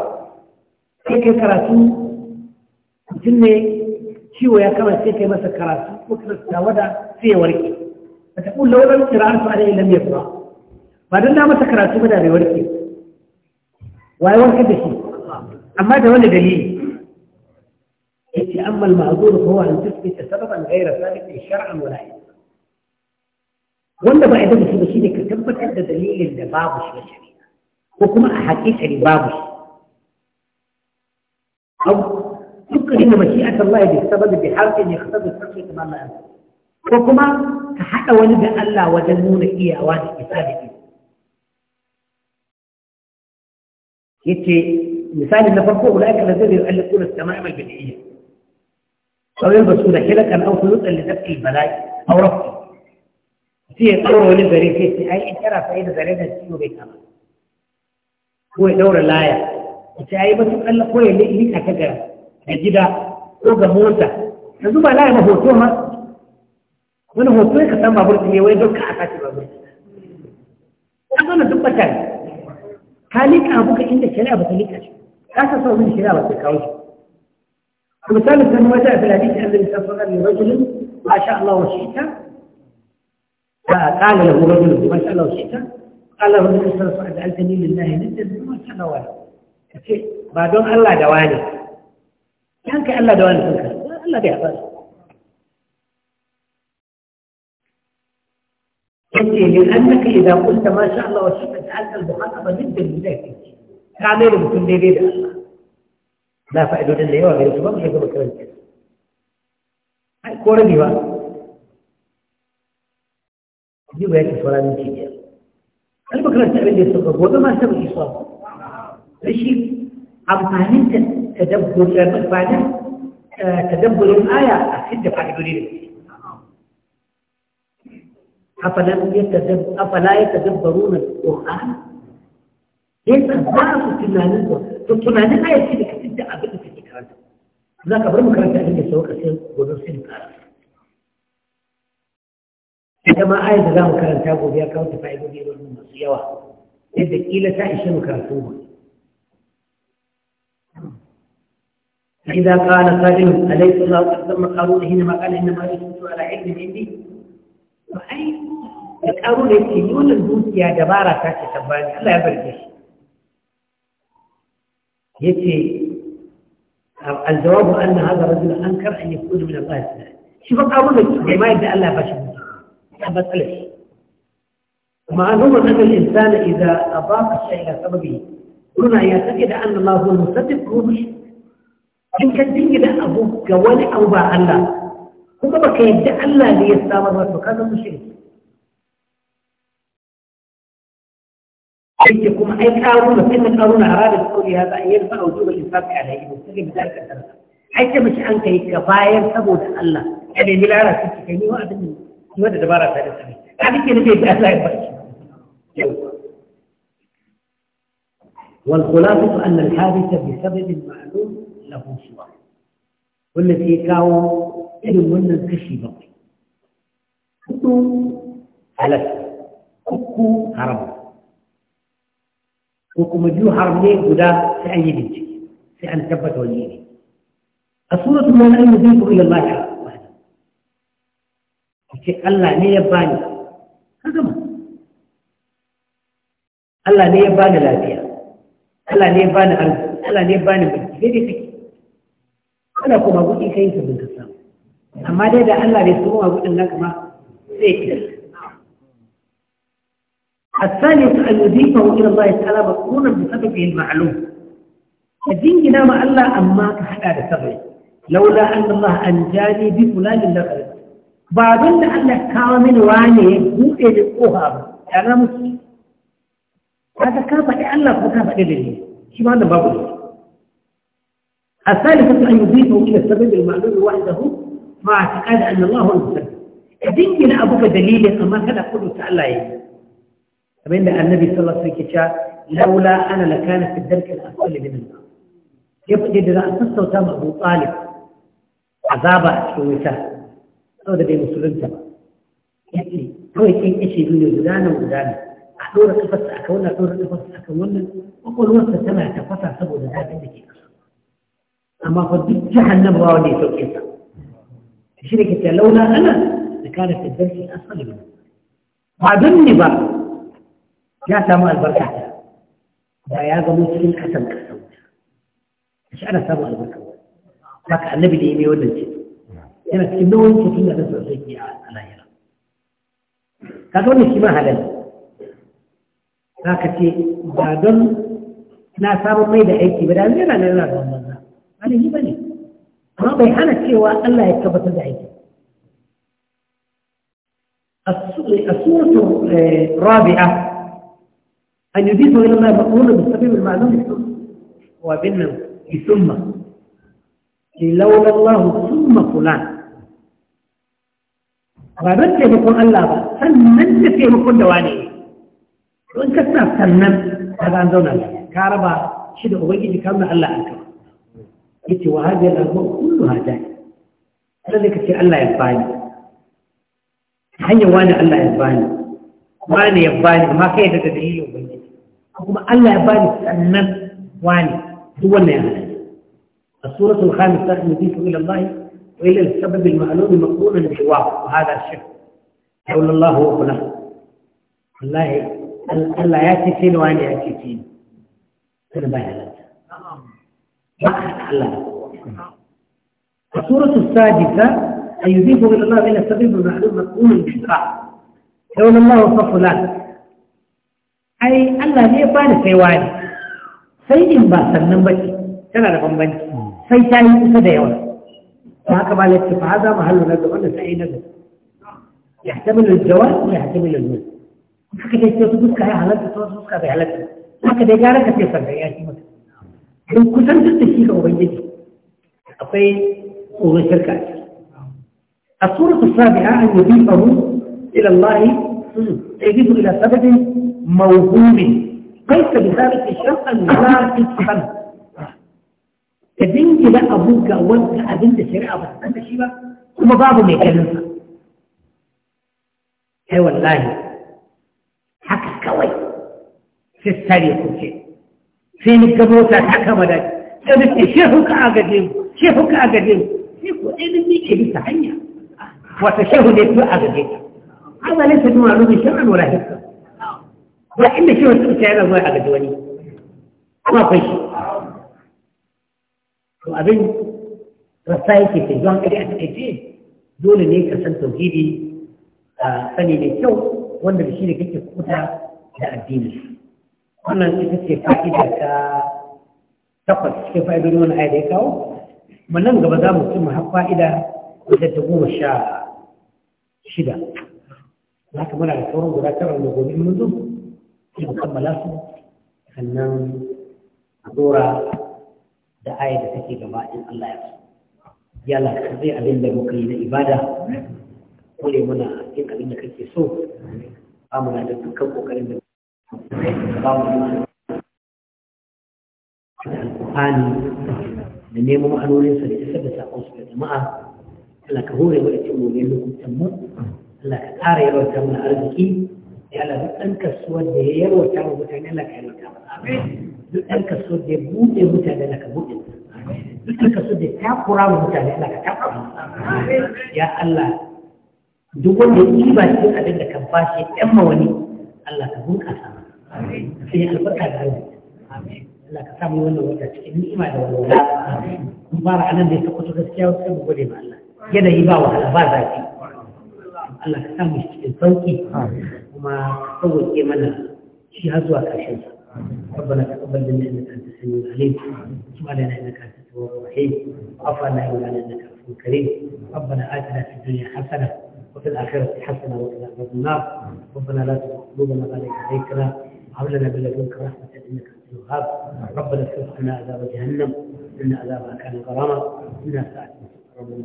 sai kai karatu mutum ne ciwo ya kama sai kai masa karatu ko kirista wada sai ya warke فتقول لولا القراءة عليه لم يقرأ بعد الله ما تكرهت بدا بورك waye warkar da shi amma da wani dalili yace amma al-ma'zur huwa an ta sababan ghayra sabitin shar'an wala ilman wanda ba idan shi ba shi ne ka tabbatar da dalilin da babu shi shari'a ko kuma a haƙiƙari babu shi أو تكره مشيئة الله Ko kuma ka haɗa wani da Allah wajen nuna iyawa وجنون إياه da إسابة يتي مثال ان فرقوا اولئك الذين يؤلفون التمائم البدئيه او يلبسون حلكا او خيوطا لدفع البلايا او رفقا في دور ولي في اي ترى فايدة زريدة تسيبه بيت عمل هو دور اللاية وفي اي بس يقول هو اللي ليك هكذا هجدا اوغا موتا نزوما لاية مهوتوه ما وانا هوتوه كتما بردني وين دور كعفاتي بردني اظن تبقى تاني ka liƙa abu inda shari'a ba ta liƙa shi ka sa sa shari'a ba ta kawo shi a misalin sanin wata a filadin da annabi sallallahu alaihi wasallam ma sha Allah wa shi'ita قال له رجل ما شاء الله شئت قال له رجل صلى الله عليه وسلم أجعلتني لله ندا ما شاء الله ولا بعدهم الله دواني كان كأن Allah da ya الله su? يجي لأنك إذا قلت ما شاء الله وشئت سألت المخاطبة جدا لذلك تعمل بكل ليلة لا فائدة لله غير سبب يقول لك هاي كورة ديوا دي بيت صلاة من هل البكرة تعمل لي الصدق وما سوي إصابة ليش أمفانين تدبر بعدين آه، تدبر الآية أكيد فائدة لله afala ya tadabbaru na ƙor'an yadda za su tunanin ba to a yake da ka tsinta abin da kake karanta za ka bar makaranta inda sau ka sai gobe sai mu karanta ita ma ayar da za mu karanta gobe ya kawo masu yawa yadda kila ta mu قال قائل أليس الله قد ذم قارون حينما قال إنما يشهد على علم عندي فأي da ƙaru da yake yi wannan dukiya dabara ta ce ta bani Allah ya barke shi ya ce aljawabu an na haza rajula an kar an yi kudu min Allah ya shi ba ƙaru da bai ma yadda Allah ba shi mutu ya matsala shi معلوم أن الإنسان إذا أضاف الشيء إلى سببه هنا يعتقد أن الله Allah المصدق هو مش in ka jingina abu ga wani abu ba Allah kuma baka yadda Allah ne ya samar to ka zama shirki yake kuma ai karuna sai karuna harada sauri ya zan yin sa'a zuwa insafi alaihi sai bi zalika sarfa ai ce mace an kai ka bayar saboda Allah ya da milara kike kai ni wa abin kuma da dabara ta da sai ka dike ne da Allah ya barki wal khulafa an al hadith bi sabab ma'lum lahu suwa wannan sai kawo irin wannan kashi bakwai hudu halal uku haram ko kuma biyu har ne guda sai an yi bincike sai an tabbata wani ne a suratul mu'minun zai ko ila Allah ta ce Allah ne ya bani ka gama Allah ne ya bani lafiya Allah ne ya bani arziki Allah ne ya bani bincike dai kake kana kuma gudi kai ka bin amma dai da Allah ne su ma gudin nan kuma sai ya الثالث أن يضيفه إلى الله تعالى مقرونا بسببه المعلوم الدين ما الله أما كحدا سبعي لولا أن الله أنجاني بفلان لقد بعدين الله كامل واني بوئي لقوها أنا مسلم هذا كافة الله فكافة لله شو هذا بابل الثالثة أن يضيفه إلى السبب المعلوم وحده مع اعتقاد أن الله هو المسبب الدين أبوك دليل أما كذا قلت الله يعني فبين النبي صلى الله عليه وسلم كتشاء لولا أنا لكان في الدرك الأسفل من النار يبقى جد رأس السوطة مأبو طالب عذابة شويتا أو دبي مسلم تبا يعني هو يتين إشي دوني ودانا ودانا أحضور قفص أكونا أحضور قفص أكونا وقل ورسة سمع تفصى سبو دهات إنك أما قد جهنم وعودي سوكيتا شركة لولا أنا لكانت الدرك الأسفل من النار وعدني بقى ya samu albarka ba ya zama cikin kasan kasa wuta shi ana samun albarka ka annabi da yi mai wannan ce yana cikin nauyin cikin da nasu sai ke a lahira ka zo ne shi ma halal za ka ce ba don na samun mai da aiki ba da yana nan yana da wannan ba ne ba ne amma bai hana cewa Allah ya tabbatar da aiki السورة eh, Rabi'a. أن يديدوا إلى ما يبقونه بالسبب المعلوم وبينه ثم لولا الله ثم فلان وردت يكون الله فنن فيه كل دواني وإن كنت فنن هذا أن دون كاربا شد أبيجي كامل الله أنك قلت وهذه الأرض كلها جاي الذي كتير الله يبقاني حين واني الله يبقاني واني يبقاني ما كيد تدليل وبيجي kuma Allah ya bani sannan wani duk wannan ya halatta الصورة الخامسة نضيف إلى الله وإلى السبب المعلوم مقرونا بالواقع وهذا الشرك حول الله وقناه والله ألا ياتي فين وأنا ياتي فين أنا بيانات الصورة السادسة أن يضيف إلى الله إلى السبب المعلوم مقرونا بالواقع حول الله وقناه ai Allah ne ya bani saiwa ne sai in ba sannan ba ce tana da bambanci sai ta yi kusa da yawa ba haka ba lati fa haza mahallu na gaba da sai na gaba يحتمل الجواز ويحتمل المال haka dai ce su duka ya halatta to suka bai halatta haka dai gara ka ce sarka ya shi maka don kusantar da shi ga ubangiji akwai tsoron shirka a suratul sabi'a an yabi fahu ila Allah تجد إلى سبب موهوم قيس بذلك شرطا لا تفهم كدين كده أبوك أولك أبنت شريعة بس أنت شيبة ثم بعض ما يكلمك أي والله حكا كوي في السريع كل شيء فين الجموسة حكا مدد أبنت شيخك أقدم شيخك أقدم شيخ علمي كبير تحيا وتشهد يتوى أقدم هذا ليس بمعلوم شرعا ولا حكما وإن شو السعر هو على جواني ما في شيء وأبين رسائتي في جوان إلي أتكتين دول ne ka san tauhidi a sani mai kyau wanda da shi ne kake kuta da addini wannan ita ce fa'ida ta takwas cikin fa'idodin wani aya ya kawo kuma nan gaba za mu cimma har fa'ida wadda ta goma sha shida haka muna da sauran guda tara da gobe mun zo sai mu kammala su sannan a dora da aya da take gaba in Allah ya so Yalla ka zai abin da muka yi na ibada kore muna yin abin da kake so na da dukkan kokarin da ba mu da alƙur'ani da neman ma'anoninsa da isar da su da jama'a Allah ka hore mu da cin gobe lokutan mu Allah ka ƙara yalwata mana arziki ya Allah duk ɗan kasuwar da ya yalwata wa mutane Allah ka yalwata mana duk ɗan kasuwar da ya buɗe mutane Allah ka buɗe duk ɗan kasuwar da ya takura wa mutane Allah ka takura ya Allah duk wanda ya ɗiba cikin abin da ka bashi ɗan mawani Allah ka bunƙasa mana sai albarka da arziki Allah ka samu wannan wata cikin ni'ima da walwala mun fara anan da ya tabbata gaskiya sai mu gode ma Allah yanayi ba wahala ba zafi Allah ka samu sauki kuma sauke mana shi har zuwa ƙarshen sa ربنا تقبل منا انك انت السميع العليم وتب علينا انك انت التواب الرحيم وعفو عنا وعنا انك عفو كريم ربنا اتنا في الدنيا حسنه وفي الاخره حسنه وقنا عذاب النار ربنا لا تزغ قلوبنا بعد اذ هديتنا وهب لنا من لدنك رحمه انك انت الوهاب ربنا اصرف عنا عذاب جهنم ان عذابها كان غراما انا ساعه ربنا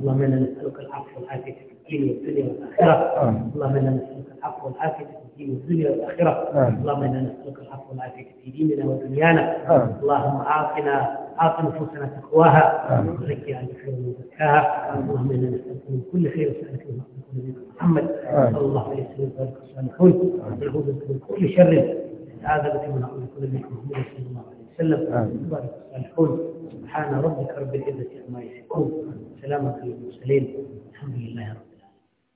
اللهم انا نسالك العفو والعافيه الدنيا والآخرة آه. اللهم إنا نسألك الحق والعافية في الدين والدنيا والآخرة آه. اللهم إنا نسألك الحق والعافية في ديننا ودنيانا آه. اللهم أعطنا أعط نفوسنا تقواها وزكي عن خير من زكاها اللهم إنا نسألك من كل خير سألك من نبينا محمد صلى الله عليه وسلم وبارك الصالحون ونعوذ بك من كل شر استعاذ من أمر كل محمد صلى الله عليه وسلم وبارك الصالحون سبحان ربك رب العزة عما يصفون سلامة للمرسلين الحمد لله رب